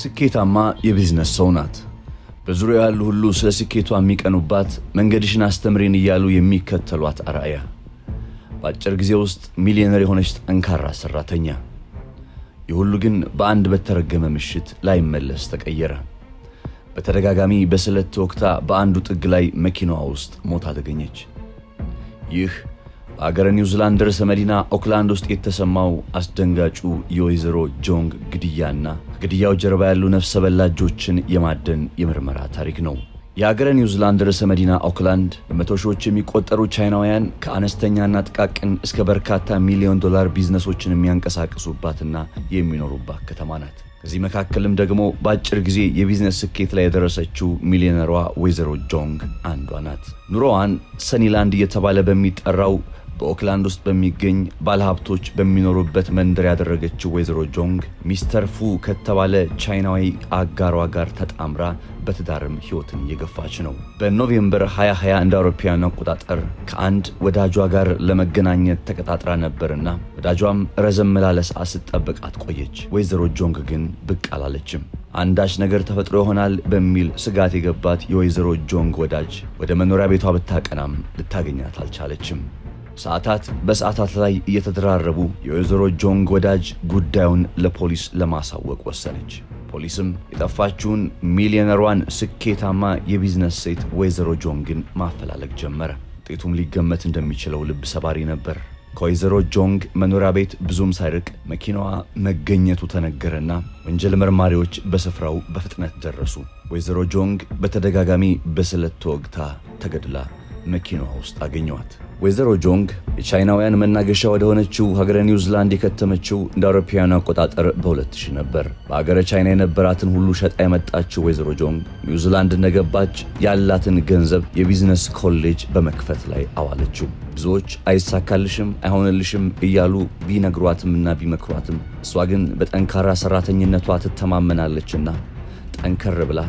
ስኬታማ የቢዝነስ ሰው ናት። በዙሪያ ያሉ ሁሉ ስለ ስኬቷ የሚቀኑባት፣ መንገድሽን አስተምሬን እያሉ የሚከተሏት አርአያ፣ በአጭር ጊዜ ውስጥ ሚሊዮነር የሆነች ጠንካራ ሠራተኛ። ይህ ሁሉ ግን በአንድ በተረገመ ምሽት ላይመለስ ተቀየረ። በተደጋጋሚ በስለት ወቅታ በአንዱ ጥግ ላይ መኪናዋ ውስጥ ሞታ ተገኘች። ይህ በአገረ ኒውዚላንድ ርዕሰ መዲና ኦክላንድ ውስጥ የተሰማው አስደንጋጩ የወይዘሮ ጆንግ ግድያና ግድያው ጀርባ ያሉ ነፍሰ በላጆችን የማደን የምርመራ ታሪክ ነው። የአገረ ኒውዚላንድ ርዕሰ መዲና ኦክላንድ በመቶ ሺዎች የሚቆጠሩ ቻይናውያን ከአነስተኛና ጥቃቅን እስከ በርካታ ሚሊዮን ዶላር ቢዝነሶችን የሚያንቀሳቅሱባትና የሚኖሩባት ከተማ ናት። ከዚህ መካከልም ደግሞ በአጭር ጊዜ የቢዝነስ ስኬት ላይ የደረሰችው ሚሊዮነሯ ወይዘሮ ጆንግ አንዷ ናት። ኑሮዋን ሰኒላንድ እየተባለ በሚጠራው በኦክላንድ ውስጥ በሚገኝ ባለሀብቶች በሚኖሩበት መንደር ያደረገችው ወይዘሮ ጆንግ ሚስተር ፉ ከተባለ ቻይናዊ አጋሯ ጋር ተጣምራ በትዳርም ህይወትን እየገፋች ነው። በኖቬምበር 2020 እንደ አውሮፓውያኑ አቆጣጠር ከአንድ ወዳጇ ጋር ለመገናኘት ተቀጣጥራ ነበርና ወዳጇም ረዘም ላለ ሰዓት ቆየች። ወይዘሮ ጆንግ ግን ብቅ አላለችም። አንዳች ነገር ተፈጥሮ ይሆናል በሚል ስጋት የገባት የወይዘሮ ጆንግ ወዳጅ ወደ መኖሪያ ቤቷ ብታቀናም ልታገኛት አልቻለችም። ሰዓታት በሰዓታት ላይ እየተደራረቡ የወይዘሮ ጆንግ ወዳጅ ጉዳዩን ለፖሊስ ለማሳወቅ ወሰነች። ፖሊስም የጠፋችውን ሚሊዮነሯን ስኬታማ የቢዝነስ ሴት ወይዘሮ ጆንግን ማፈላለግ ጀመረ። ውጤቱም ሊገመት እንደሚችለው ልብ ሰባሪ ነበር። ከወይዘሮ ጆንግ መኖሪያ ቤት ብዙም ሳይርቅ መኪናዋ መገኘቱ ተነገረና ወንጀል መርማሪዎች በስፍራው በፍጥነት ደረሱ። ወይዘሮ ጆንግ በተደጋጋሚ በስለት ተወግታ ተገድላ መኪናዋ ውስጥ አገኘዋት። ወይዘሮ ጆንግ የቻይናውያን መናገሻ ወደ ሆነችው ሀገረ ኒውዚላንድ የከተመችው እንደ አውሮፓውያኑ አቆጣጠር በ2000 ነበር። በሀገረ ቻይና የነበራትን ሁሉ ሸጣ የመጣችው ወይዘሮ ጆንግ ኒውዚላንድ እንደገባች ያላትን ገንዘብ የቢዝነስ ኮሌጅ በመክፈት ላይ አዋለችው። ብዙዎች አይሳካልሽም፣ አይሆንልሽም እያሉ ቢነግሯትም ቢነግሯትምና ቢመክሯትም እሷ ግን በጠንካራ ሰራተኝነቷ ትተማመናለችና ጠንከር ብላ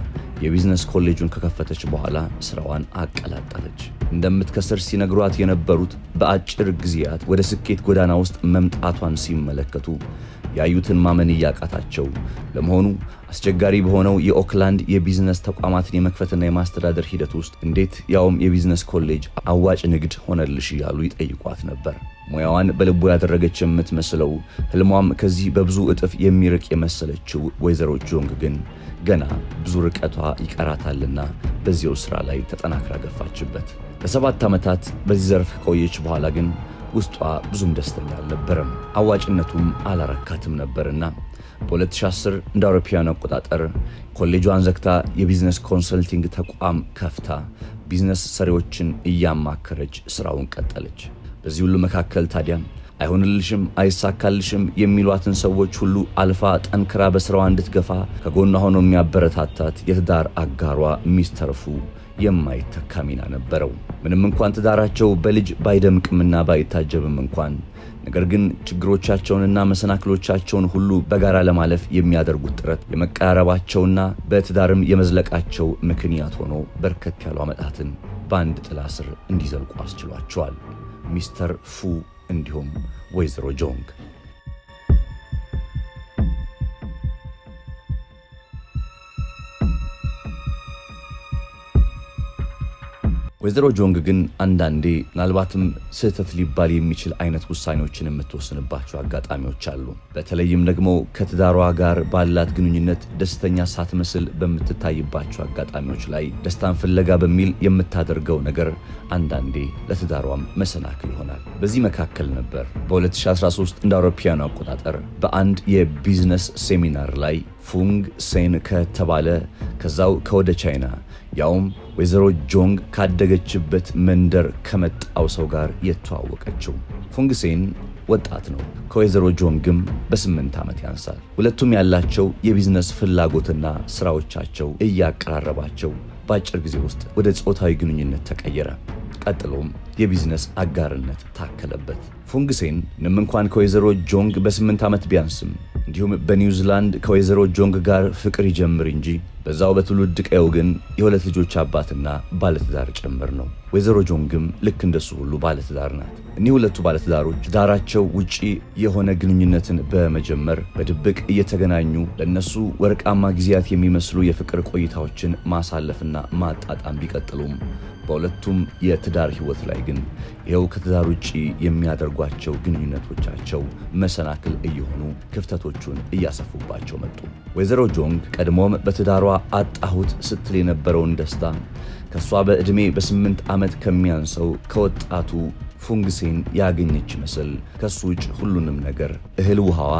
የቢዝነስ ኮሌጁን ከከፈተች በኋላ ስራዋን አቀላጠፈች። እንደምትከስር ሲነግሯት የነበሩት በአጭር ጊዜያት ወደ ስኬት ጎዳና ውስጥ መምጣቷን ሲመለከቱ ያዩትን ማመን እያቃታቸው ለመሆኑ አስቸጋሪ በሆነው የኦክላንድ የቢዝነስ ተቋማትን የመክፈትና የማስተዳደር ሂደት ውስጥ እንዴት ያውም የቢዝነስ ኮሌጅ አዋጭ ንግድ ሆነልሽ እያሉ ይጠይቋት ነበር። ሙያዋን በልቡ ያደረገች የምትመስለው ህልሟም ከዚህ በብዙ እጥፍ የሚርቅ የመሰለችው ወይዘሮ ጆንግ ግን ገና ብዙ ርቀቷ ይቀራታልና በዚያው ስራ ላይ ተጠናክራ ገፋችበት። ለሰባት ዓመታት በዚህ ዘርፍ ከቆየች በኋላ ግን ውስጧ ብዙም ደስተኛ አልነበረም። አዋጭነቱም አላረካትም ነበርና በ2010 እንደ አውሮፓውያን አቆጣጠር ኮሌጇን ዘግታ የቢዝነስ ኮንሰልቲንግ ተቋም ከፍታ ቢዝነስ ሰሪዎችን እያማከረች ስራውን ቀጠለች። በዚህ ሁሉ መካከል ታዲያ አይሆንልሽም፣ አይሳካልሽም የሚሏትን ሰዎች ሁሉ አልፋ ጠንክራ በስራዋ እንድትገፋ ከጎኗ ሆኖ የሚያበረታታት የትዳር አጋሯ ሚስተር ፉ የማይተካ ሚና ነበረው። ምንም እንኳን ትዳራቸው በልጅ ባይደምቅምና ባይታጀብም እንኳን ነገር ግን ችግሮቻቸውንና መሰናክሎቻቸውን ሁሉ በጋራ ለማለፍ የሚያደርጉት ጥረት የመቀራረባቸውና በትዳርም የመዝለቃቸው ምክንያት ሆኖ በርከት ያሉ ዓመታትን በአንድ ጥላ ስር እንዲዘልቁ አስችሏቸዋል። Mr. Fu and Hum Wezrojong. Jong. ወይዘሮ ጆንግ ግን አንዳንዴ ምናልባትም ስህተት ሊባል የሚችል አይነት ውሳኔዎችን የምትወስንባቸው አጋጣሚዎች አሉ። በተለይም ደግሞ ከትዳሯ ጋር ባላት ግንኙነት ደስተኛ ሳትመስል በምትታይባቸው አጋጣሚዎች ላይ ደስታን ፍለጋ በሚል የምታደርገው ነገር አንዳንዴ ለትዳሯም መሰናክል ይሆናል። በዚህ መካከል ነበር በ2013 እንደ አውሮፓውያኑ አቆጣጠር በአንድ የቢዝነስ ሴሚናር ላይ ፉንግ ሴን ከተባለ ከዛው ከወደ ቻይና ያውም ወይዘሮ ጆንግ ካደገችበት መንደር ከመጣው ሰው ጋር የተዋወቀችው። ፉንግ ሴን ወጣት ነው፣ ከወይዘሮ ጆንግም በስምንት ዓመት ያንሳል። ሁለቱም ያላቸው የቢዝነስ ፍላጎትና ስራዎቻቸው እያቀራረባቸው በአጭር ጊዜ ውስጥ ወደ ጾታዊ ግንኙነት ተቀየረ። ቀጥሎም የቢዝነስ አጋርነት ታከለበት። ፉንግሴን ምንም እንኳን ከወይዘሮ ጆንግ በስምንት ዓመት ቢያንስም እንዲሁም በኒውዚላንድ ከወይዘሮ ጆንግ ጋር ፍቅር ይጀምር እንጂ በዛው በትውልድ ቀየው ግን የሁለት ልጆች አባትና ባለትዳር ጭምር ነው። ወይዘሮ ጆንግም ልክ እንደሱ ሁሉ ባለትዳር ናት። እኒህ ሁለቱ ባለትዳሮች ዳራቸው ውጪ የሆነ ግንኙነትን በመጀመር በድብቅ እየተገናኙ ለእነሱ ወርቃማ ጊዜያት የሚመስሉ የፍቅር ቆይታዎችን ማሳለፍና ማጣጣም ቢቀጥሉም በሁለቱም የትዳር ህይወት ላይ ግን ይኸው ከትዳር ውጪ የሚያደርጓቸው ግንኙነቶቻቸው መሰናክል እየሆኑ ክፍተቶቹን እያሰፉባቸው መጡ። ወይዘሮ ጆንግ ቀድሞም በትዳሯ አጣሁት ስትል የነበረውን ደስታ ከእሷ በዕድሜ በስምንት ዓመት ከሚያንሰው ከወጣቱ ፉንግሴን ያገኘች ምስል ከእሱ ውጭ ሁሉንም ነገር እህል ውሃዋ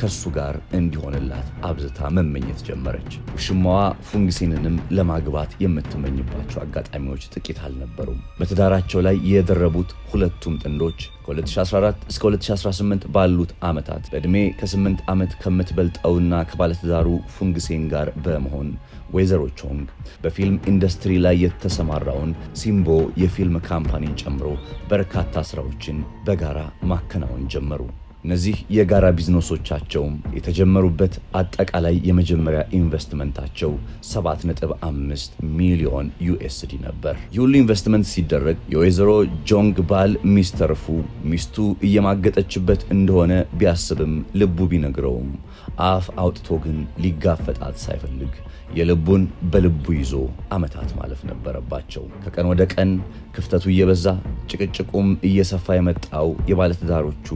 ከእሱ ጋር እንዲሆንላት አብዝታ መመኘት ጀመረች። ውሽማዋ ፉንግሲንንም ለማግባት የምትመኝባቸው አጋጣሚዎች ጥቂት አልነበሩም። በትዳራቸው ላይ የደረቡት ሁለቱም ጥንዶች ከ2014 እስከ 2018 ባሉት ዓመታት በዕድሜ ከ8 ዓመት ከምትበልጠውና ከባለትዳሩ ፉንግሴን ጋር በመሆን ወይዘሮ ቾንግ በፊልም ኢንዱስትሪ ላይ የተሰማራውን ሲምቦ የፊልም ካምፓኒን ጨምሮ በርካታ ስራዎችን በጋራ ማከናወን ጀመሩ። እነዚህ የጋራ ቢዝነሶቻቸውም የተጀመሩበት አጠቃላይ የመጀመሪያ ኢንቨስትመንታቸው 7.5 ሚሊዮን ዩኤስዲ ነበር። የሁሉ ሁሉ ኢንቨስትመንት ሲደረግ የወይዘሮ ጆንግ ባል ሚስተር ፉ ሚስቱ እየማገጠችበት እንደሆነ ቢያስብም ልቡ ቢነግረውም አፍ አውጥቶ ግን ሊጋፈጣት ሳይፈልግ የልቡን በልቡ ይዞ ዓመታት ማለፍ ነበረባቸው። ከቀን ወደ ቀን ክፍተቱ እየበዛ ጭቅጭቁም እየሰፋ የመጣው የባለትዳሮቹ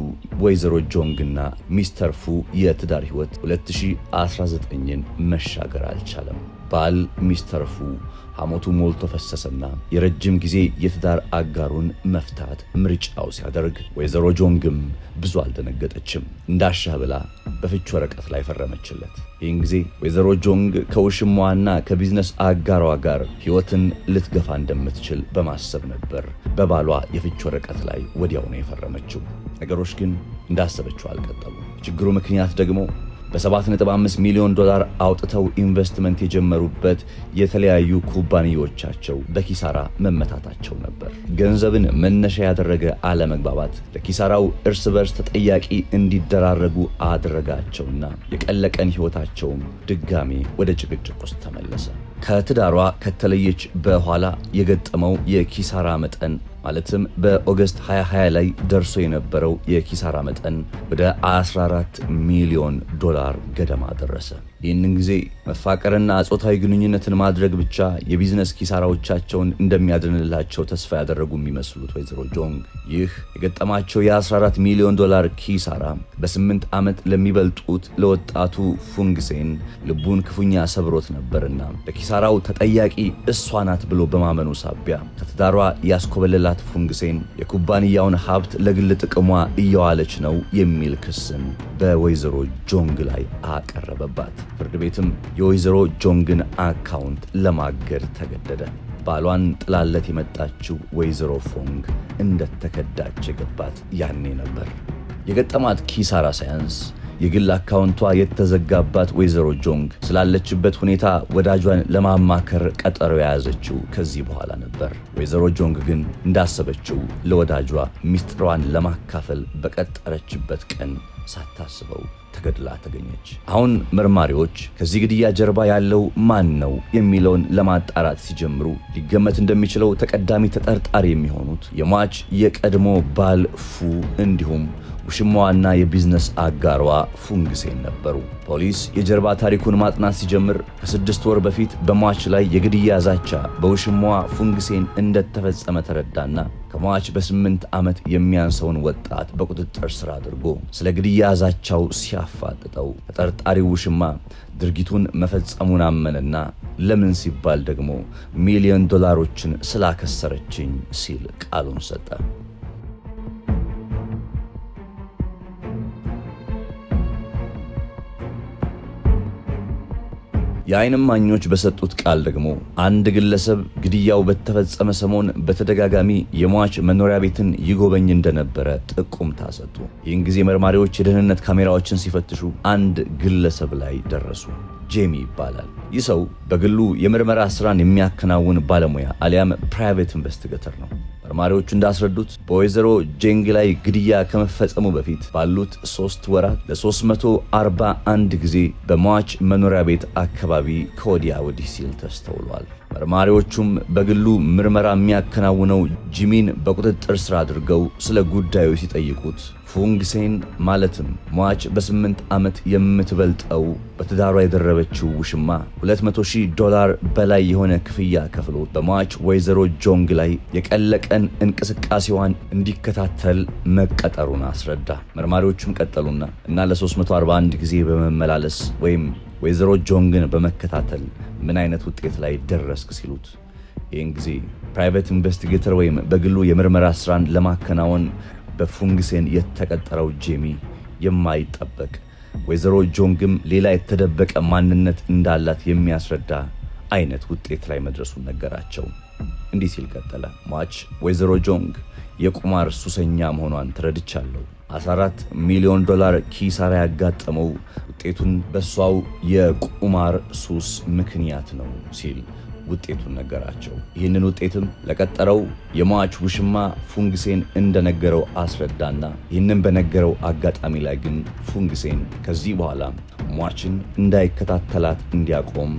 ወይዘሮ ጆንግና ሚስተር ፉ የትዳር ህይወት 2019ን መሻገር አልቻለም። ባል ሚስተር ፉ ሐሞቱ ሞልቶ ፈሰሰና የረጅም ጊዜ የትዳር አጋሩን መፍታት ምርጫው ሲያደርግ ወይዘሮ ጆንግም ብዙ አልደነገጠችም። እንዳሻህ ብላ በፍች ወረቀት ላይ ፈረመችለት። ይህን ጊዜ ወይዘሮ ጆንግ ከውሽሟና ከቢዝነስ አጋሯ ጋር ሕይወትን ልትገፋ እንደምትችል በማሰብ ነበር በባሏ የፍች ወረቀት ላይ ወዲያው ነው የፈረመችው። ነገሮች ግን እንዳሰበችው አልቀጠሉ። ችግሩ ምክንያት ደግሞ በ7.5 ሚሊዮን ዶላር አውጥተው ኢንቨስትመንት የጀመሩበት የተለያዩ ኩባንያዎቻቸው በኪሳራ መመታታቸው ነበር። ገንዘብን መነሻ ያደረገ አለመግባባት ለኪሳራው እርስ በርስ ተጠያቂ እንዲደራረጉ አድረጋቸውና የቀለቀን ሕይወታቸውም ድጋሜ ወደ ጭቅጭቅ ውስጥ ተመለሰ። ከትዳሯ ከተለየች በኋላ የገጠመው የኪሳራ መጠን ማለትም በኦገስት 2020 ላይ ደርሶ የነበረው የኪሳራ መጠን ወደ 14 ሚሊዮን ዶላር ገደማ ደረሰ። ይህንን ጊዜ መፋቀርና ጾታዊ ግንኙነትን ማድረግ ብቻ የቢዝነስ ኪሳራዎቻቸውን እንደሚያድንላቸው ተስፋ ያደረጉ የሚመስሉት ወይዘሮ ጆንግ ይህ የገጠማቸው የ14 ሚሊዮን ዶላር ኪሳራ በስምንት ዓመት ለሚበልጡት ለወጣቱ ፉንግሴን ልቡን ክፉኛ ሰብሮት ነበርና ለኪሳራው ተጠያቂ እሷ ናት ብሎ በማመኑ ሳቢያ ከትዳሯ ያስኮበለላ ፉንግ ሴን የኩባንያውን ሀብት ለግል ጥቅሟ እየዋለች ነው የሚል ክስም በወይዘሮ ጆንግ ላይ አቀረበባት። ፍርድ ቤትም የወይዘሮ ጆንግን አካውንት ለማገድ ተገደደ። ባሏን ጥላለት የመጣችው ወይዘሮ ፎንግ እንደተከዳች የገባት ያኔ ነበር። የገጠማት ኪሳራ ሳያንስ የግል አካውንቷ የተዘጋባት ወይዘሮ ጆንግ ስላለችበት ሁኔታ ወዳጇን ለማማከር ቀጠሮ የያዘችው ከዚህ በኋላ ነበር። ወይዘሮ ጆንግ ግን እንዳሰበችው ለወዳጇ ሚስጥሯን ለማካፈል በቀጠረችበት ቀን ሳታስበው ተገድላ ተገኘች። አሁን መርማሪዎች ከዚህ ግድያ ጀርባ ያለው ማን ነው የሚለውን ለማጣራት ሲጀምሩ ሊገመት እንደሚችለው ተቀዳሚ ተጠርጣሪ የሚሆኑት የሟች የቀድሞ ባል ፉ እንዲሁም ውሽማዋና የቢዝነስ አጋሯ ፉንግሴን ነበሩ። ፖሊስ የጀርባ ታሪኩን ማጥናት ሲጀምር ከስድስት ወር በፊት በሟች ላይ የግድያ ዛቻ በውሽማዋ ፉንግሴን እንደተፈጸመ ተረዳና ከሟች በስምንት ዓመት የሚያንሰውን ወጣት በቁጥጥር ስር አድርጎ ስለ ግድያ ዛቻው ሲያፋጥጠው ተጠርጣሪው ውሽማ ድርጊቱን መፈጸሙን አመንና ለምን ሲባል ደግሞ ሚሊዮን ዶላሮችን ስላከሰረችኝ ሲል ቃሉን ሰጠ። የዓይን እማኞች በሰጡት ቃል ደግሞ አንድ ግለሰብ ግድያው በተፈጸመ ሰሞን በተደጋጋሚ የሟች መኖሪያ ቤትን ይጎበኝ እንደነበረ ጥቁምታ ሰጡ። ይህን ጊዜ መርማሪዎች የደህንነት ካሜራዎችን ሲፈትሹ አንድ ግለሰብ ላይ ደረሱ። ጄሚ ይባላል። ይህ ሰው በግሉ የምርመራ ስራን የሚያከናውን ባለሙያ አሊያም ፕራይቬት ኢንቨስቲጌተር ነው። መርማሪዎቹ እንዳስረዱት በወይዘሮ ጄንግ ላይ ግድያ ከመፈጸሙ በፊት ባሉት ሶስት ወራት ለ341 ጊዜ በሟች መኖሪያ ቤት አካባቢ ከወዲያ ወዲህ ሲል ተስተውሏል። መርማሪዎቹም በግሉ ምርመራ የሚያከናውነው ጂሚን በቁጥጥር ስር አድርገው ስለ ጉዳዩ ሲጠይቁት ፉንግሴን ማለትም ሟች በስምንት ዓመት የምትበልጠው በትዳሯ የደረበችው ውሽማ 200,000 ዶላር በላይ የሆነ ክፍያ ከፍሎ በሟች ወይዘሮ ጆንግ ላይ የቀለቀን እንቅስቃሴዋን እንዲከታተል መቀጠሩን አስረዳ። መርማሪዎቹም ቀጠሉና እና ለ341 ጊዜ በመመላለስ ወይም ወይዘሮ ጆንግን በመከታተል ምን አይነት ውጤት ላይ ደረስክ ሲሉት ይህን ጊዜ ፕራይቬት ኢንቨስቲጌተር ወይም በግሉ የምርመራ ስራን ለማከናወን በፉንግሴን የተቀጠረው ጄሚ የማይጠበቅ ወይዘሮ ጆንግም ሌላ የተደበቀ ማንነት እንዳላት የሚያስረዳ አይነት ውጤት ላይ መድረሱን ነገራቸው። እንዲህ ሲል ቀጠለ። ሟች ወይዘሮ ጆንግ የቁማር ሱሰኛ መሆኗን ትረድቻለሁ። 14 ሚሊዮን ዶላር ኪሳራ ያጋጠመው ውጤቱን በሷው የቁማር ሱስ ምክንያት ነው ሲል ውጤቱን ነገራቸው። ይህንን ውጤትም ለቀጠረው የሟች ውሽማ ፉንግሴን እንደነገረው አስረዳና ይህንን በነገረው አጋጣሚ ላይ ግን ፉንግሴን ከዚህ በኋላ ሟችን እንዳይከታተላት እንዲያቆም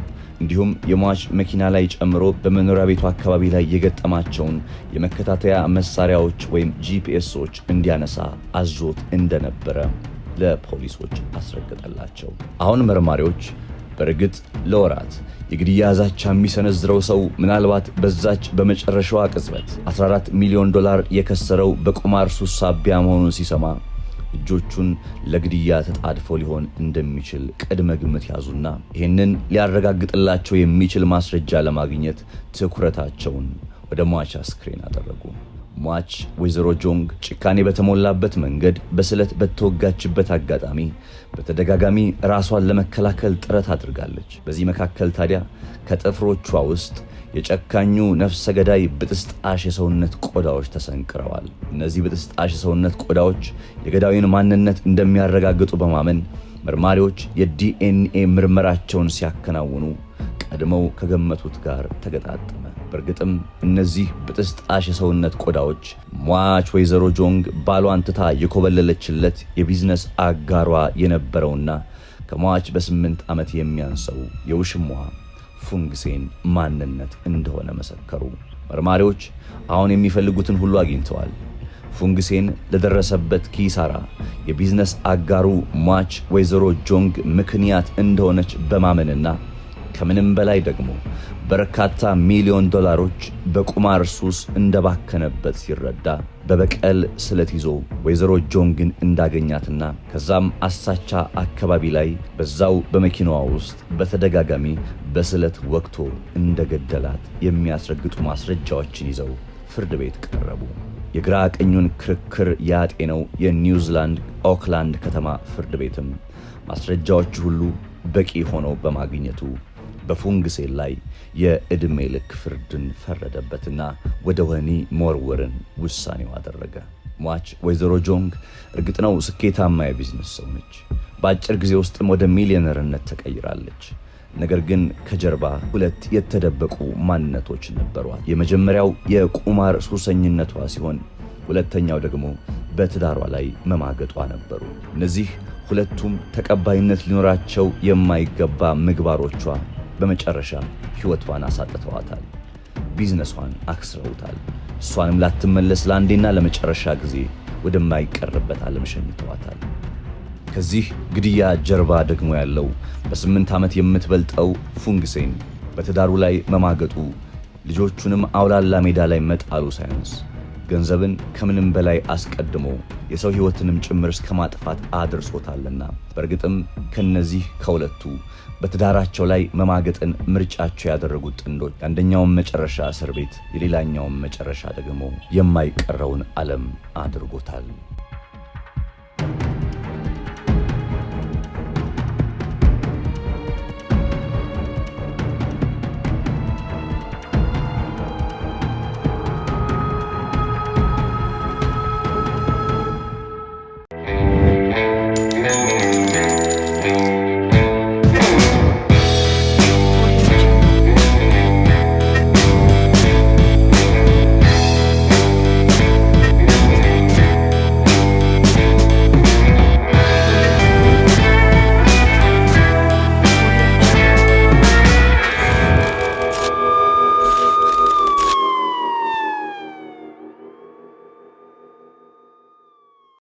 እንዲሁም የሟች መኪና ላይ ጨምሮ በመኖሪያ ቤቱ አካባቢ ላይ የገጠማቸውን የመከታተያ መሳሪያዎች ወይም ጂፒኤሶች እንዲያነሳ አዞት እንደነበረ ለፖሊሶች አስረግጠላቸው። አሁን መርማሪዎች በእርግጥ ለወራት የግድያ ዛቻ የሚሰነዝረው ሰው ምናልባት በዛች በመጨረሻዋ ቅጽበት 14 ሚሊዮን ዶላር የከሰረው በቁማር ሱስ ሳቢያ መሆኑን ሲሰማ እጆቹን ለግድያ ተጣድፎ ሊሆን እንደሚችል ቅድመ ግምት ያዙና ይህንን ሊያረጋግጥላቸው የሚችል ማስረጃ ለማግኘት ትኩረታቸውን ወደ ሟች አስክሬን አደረጉ። ሟች ወይዘሮ ጆንግ ጭካኔ በተሞላበት መንገድ በስለት በተወጋችበት አጋጣሚ በተደጋጋሚ ራሷን ለመከላከል ጥረት አድርጋለች። በዚህ መካከል ታዲያ ከጥፍሮቿ ውስጥ የጨካኙ ነፍሰ ገዳይ ብጥስጣሽ የሰውነት ቆዳዎች ተሰንቅረዋል። እነዚህ ብጥስጣሽ የሰውነት ቆዳዎች የገዳዩን ማንነት እንደሚያረጋግጡ በማመን መርማሪዎች የዲኤንኤ ምርመራቸውን ሲያከናውኑ ቀድመው ከገመቱት ጋር ተገጣጠመ። በእርግጥም እነዚህ ብጥስጣሽ የሰውነት ቆዳዎች ሟች ወይዘሮ ጆንግ ባሏን ትታ የኮበለለችለት የቢዝነስ አጋሯ የነበረውና ከሟች በስምንት ዓመት የሚያንሰው የውሽሟ ፉንግሴን ማንነት እንደሆነ መሰከሩ። መርማሪዎች አሁን የሚፈልጉትን ሁሉ አግኝተዋል። ፉንግሴን ለደረሰበት ኪሳራ የቢዝነስ አጋሩ ሟች ወይዘሮ ጆንግ ምክንያት እንደሆነች በማመንና ከምንም በላይ ደግሞ በርካታ ሚሊዮን ዶላሮች በቁማር ሱስ እንደባከነበት ሲረዳ በበቀል ስለት ይዞ ወይዘሮ ጆን ግን እንዳገኛትና ከዛም አሳቻ አካባቢ ላይ በዛው በመኪናዋ ውስጥ በተደጋጋሚ በስለት ወቅቶ እንደገደላት የሚያስረግጡ ማስረጃዎችን ይዘው ፍርድ ቤት ቀረቡ። የግራ ቀኙን ክርክር ያጤነው የኒውዚላንድ ኦክላንድ ከተማ ፍርድ ቤትም ማስረጃዎች ሁሉ በቂ ሆነው በማግኘቱ በፉንግሴን ላይ የዕድሜ ልክ ፍርድን ፈረደበትና ወደ ወህኒ መወርወርን ውሳኔው አደረገ። ሟች ወይዘሮ ጆንግ እርግጥ ነው ስኬታማ የቢዝነስ ሰው ነች። በአጭር ጊዜ ውስጥም ወደ ሚሊዮነርነት ተቀይራለች። ነገር ግን ከጀርባ ሁለት የተደበቁ ማንነቶች ነበሯት። የመጀመሪያው የቁማር ሱሰኝነቷ ሲሆን ሁለተኛው ደግሞ በትዳሯ ላይ መማገጧ ነበሩ። እነዚህ ሁለቱም ተቀባይነት ሊኖራቸው የማይገባ ምግባሮቿ በመጨረሻም ህይወቷን አሳጥተዋታል። ቢዝነሷን አክስረውታል። እሷንም ላትመለስ ለአንዴና ለመጨረሻ ጊዜ ወደማይቀርበት ዓለም ሸኝተዋታል። ከዚህ ግድያ ጀርባ ደግሞ ያለው በስምንት ዓመት የምትበልጠው ፉንግሴን በትዳሩ ላይ መማገጡ ልጆቹንም አውላላ ሜዳ ላይ መጣሉ ሳይንስ ገንዘብን ከምንም በላይ አስቀድሞ የሰው ሕይወትንም ጭምር እስከ ማጥፋት አድርሶታልና። በእርግጥም ከነዚህ ከሁለቱ በትዳራቸው ላይ መማገጥን ምርጫቸው ያደረጉት ጥንዶች የአንደኛውን መጨረሻ እስር ቤት፣ የሌላኛውን መጨረሻ ደግሞ የማይቀረውን ዓለም አድርጎታል።